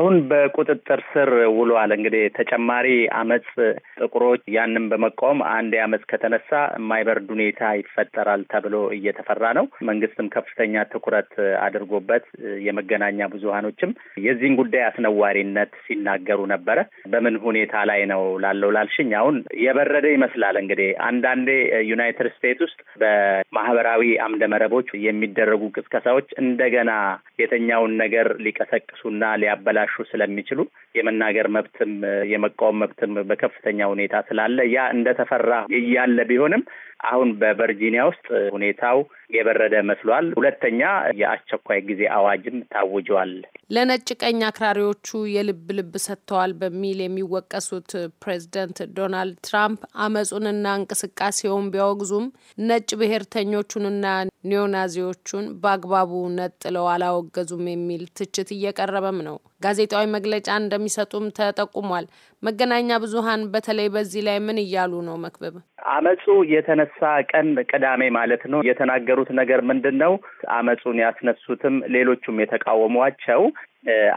አሁን በቁጥጥር ስር ውሏል። እንግዲህ ተጨማሪ አመፅ ጥቁሮች ያንን በመቃወም አንድ አመፅ ከተነሳ የማይበርድ ሁኔታ ይፈጠራል ተብሎ እየተፈራ ነው። መንግስትም ከፍተኛ ትኩረት አድርጎበት የመገናኛ ብዙሀኖችም የዚህን ጉዳይ አስነዋሪነት ሲናገሩ ነበረ። በምን ሁኔታ ላይ ነው ላለው ላልሽኝ አሁን የበረደ ይመስላል። እንግዲህ አንዳንዴ ዩናይትድ ስቴትስ ውስጥ በማህበራዊ አምደ መረቦች የሚደረጉ ቅስቀሳዎች እንደገና የተኛውን ነገር ሊቀሰቅሱና ሊያበላሹ ሊያበላሹ ስለሚችሉ የመናገር መብትም የመቃወም መብትም በከፍተኛ ሁኔታ ስላለ ያ እንደተፈራ እያለ ቢሆንም አሁን በቨርጂኒያ ውስጥ ሁኔታው የበረደ መስሏል። ሁለተኛ የአስቸኳይ ጊዜ አዋጅም ታውጇል። ለነጭ ቀኝ አክራሪዎቹ የልብ ልብ ሰጥተዋል በሚል የሚወቀሱት ፕሬዚደንት ዶናልድ ትራምፕ አመፁንና እንቅስቃሴውን ቢያወግዙም ነጭ ብሔርተኞቹንና ኒዮናዚዎቹን በአግባቡ ነጥለው አላወገዙም የሚል ትችት እየቀረበም ነው። ጋዜጣዊ መግለጫ እንደሚሰጡም ተጠቁሟል። መገናኛ ብዙኃን በተለይ በዚህ ላይ ምን እያሉ ነው? መክበብ አመፁ የተነሳ ቀን ቅዳሜ ማለት ነው። የተናገሩት ነገር ምንድን ነው? አመፁን ያስነሱትም ሌሎቹም የተቃወሟቸው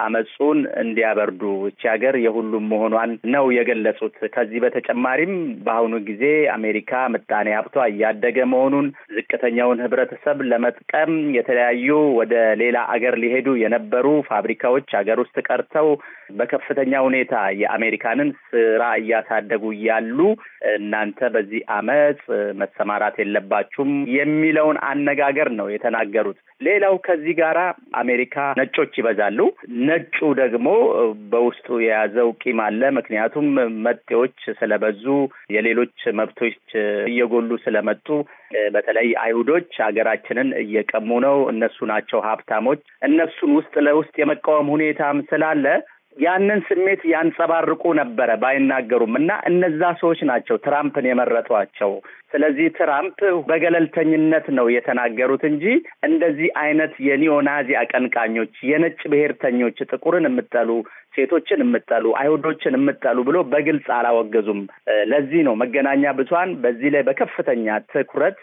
አመፁን እንዲያበርዱ እቺ ሀገር የሁሉም መሆኗን ነው የገለጹት። ከዚህ በተጨማሪም በአሁኑ ጊዜ አሜሪካ ምጣኔ ሀብቷ እያደገ መሆኑን ዝቅተኛውን ህብረተሰብ ለመጥቀም የተለያዩ ወደ ሌላ አገር ሊሄዱ የነበሩ ፋብሪካዎች ሀገር ውስጥ ቀርተው በከፍተኛ ሁኔታ የአሜሪካንን ስራ እያሳደጉ እያሉ እናንተ በዚህ አመፅ መሰማራት የለባችሁም የሚለውን አነጋገር ነው የተናገሩት። ሌላው ከዚህ ጋራ አሜሪካ ነጮች ይበዛሉ ነጩ ደግሞ በውስጡ የያዘው ቂም አለ። ምክንያቱም መጤዎች ስለበዙ የሌሎች መብቶች እየጎሉ ስለመጡ በተለይ አይሁዶች ሀገራችንን እየቀሙ ነው፣ እነሱ ናቸው ሀብታሞች፣ እነሱን ውስጥ ለውስጥ የመቃወም ሁኔታም ስላለ ያንን ስሜት ያንጸባርቁ ነበረ ባይናገሩም እና እነዛ ሰዎች ናቸው ትራምፕን የመረጧቸው። ስለዚህ ትራምፕ በገለልተኝነት ነው የተናገሩት እንጂ እንደዚህ አይነት የኒዮናዚ አቀንቃኞች፣ የነጭ ብሔርተኞች፣ ጥቁርን የምጠሉ ሴቶችን የምጠሉ አይሁዶችን የምጠሉ ብሎ በግልጽ አላወገዙም። ለዚህ ነው መገናኛ ብዙሃን በዚህ ላይ በከፍተኛ ትኩረት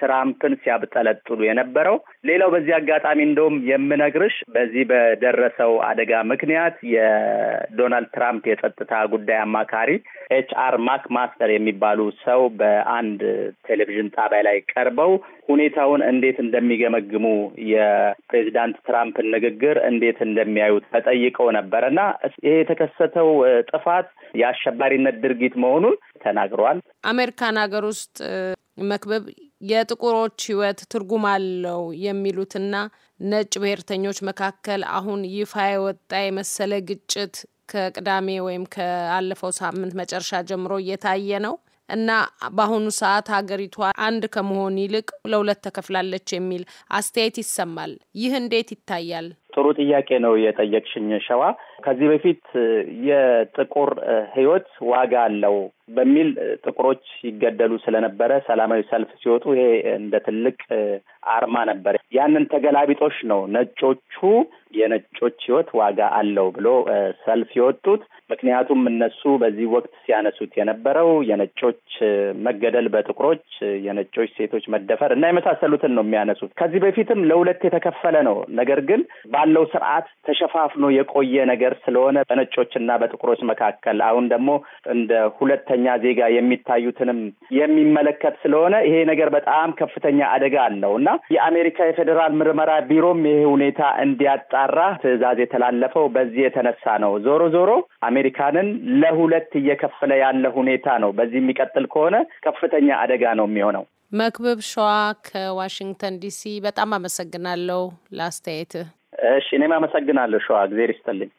ትራምፕን ሲያብጠለጥሉ የነበረው። ሌላው በዚህ አጋጣሚ እንደውም የምነግርሽ በዚህ በደረሰው አደጋ ምክንያት የዶናልድ ትራምፕ የጸጥታ ጉዳይ አማካሪ ኤች አር ማክ ማስተር የሚባሉ ሰው በአንድ ቴሌቪዥን ጣቢያ ላይ ቀርበው ሁኔታውን እንዴት እንደሚገመግሙ የፕሬዚዳንት ትራምፕን ንግግር እንዴት እንደሚያዩት ተጠይቀው ነበር እና ይሄ የተከሰተው ጥፋት የአሸባሪነት ድርጊት መሆኑን ተናግረዋል። አሜሪካን ሀገር ውስጥ መክበብ የጥቁሮች ሕይወት ትርጉም አለው የሚሉትና ነጭ ብሔርተኞች መካከል አሁን ይፋ የወጣ የመሰለ ግጭት ከቅዳሜ ወይም ከአለፈው ሳምንት መጨረሻ ጀምሮ እየታየ ነው። እና በአሁኑ ሰዓት ሀገሪቷ አንድ ከመሆን ይልቅ ለሁለት ተከፍላለች የሚል አስተያየት ይሰማል። ይህ እንዴት ይታያል? ጥሩ ጥያቄ ነው የጠየቅሽኝ ሸዋ። ከዚህ በፊት የጥቁር ህይወት ዋጋ አለው በሚል ጥቁሮች ይገደሉ ስለነበረ ሰላማዊ ሰልፍ ሲወጡ ይሄ እንደ ትልቅ አርማ ነበር። ያንን ተገላቢጦሽ ነው ነጮቹ የነጮች ህይወት ዋጋ አለው ብሎ ሰልፍ የወጡት። ምክንያቱም እነሱ በዚህ ወቅት ሲያነሱት የነበረው የነጮች መገደል በጥቁሮች፣ የነጮች ሴቶች መደፈር እና የመሳሰሉትን ነው የሚያነሱት። ከዚህ በፊትም ለሁለት የተከፈለ ነው። ነገር ግን ባለው ስርዓት ተሸፋፍኖ የቆየ ነገር ነገር ስለሆነ በነጮችና በጥቁሮች መካከል አሁን ደግሞ እንደ ሁለተኛ ዜጋ የሚታዩትንም የሚመለከት ስለሆነ ይሄ ነገር በጣም ከፍተኛ አደጋ አለው እና የአሜሪካ የፌዴራል ምርመራ ቢሮም ይሄ ሁኔታ እንዲያጣራ ትዕዛዝ የተላለፈው በዚህ የተነሳ ነው። ዞሮ ዞሮ አሜሪካንን ለሁለት እየከፈለ ያለ ሁኔታ ነው። በዚህ የሚቀጥል ከሆነ ከፍተኛ አደጋ ነው የሚሆነው። መክብብ ሸዋ ከዋሽንግተን ዲሲ በጣም አመሰግናለሁ ለአስተያየትህ። እሺ እኔም አመሰግናለሁ ሸዋ፣ እግዜር ይስጥልኝ።